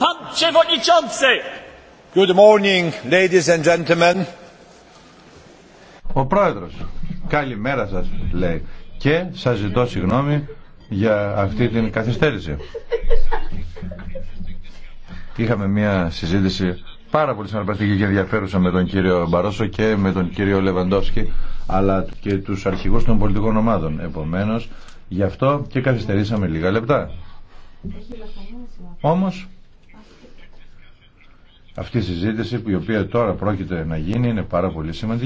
Pan Przewodniczący! Good morning, ladies and gentlemen. Ο Πρόεδρος, καλημέρα σας λέει και σας ζητώ συγγνώμη για αυτή την καθυστέρηση. Είχαμε μια συζήτηση πάρα πολύ συναρπαστική και ενδιαφέρουσα με τον κύριο Μπαρόσο και με τον κύριο Λεβαντόφσκι αλλά και τους αρχηγούς των πολιτικών ομάδων. Επομένως, γι' αυτό και καθυστερήσαμε λίγα λεπτά. Όμως, αυτή η συζήτηση που η οποία τώρα πρόκειται να γίνει είναι πάρα πολύ σημαντική.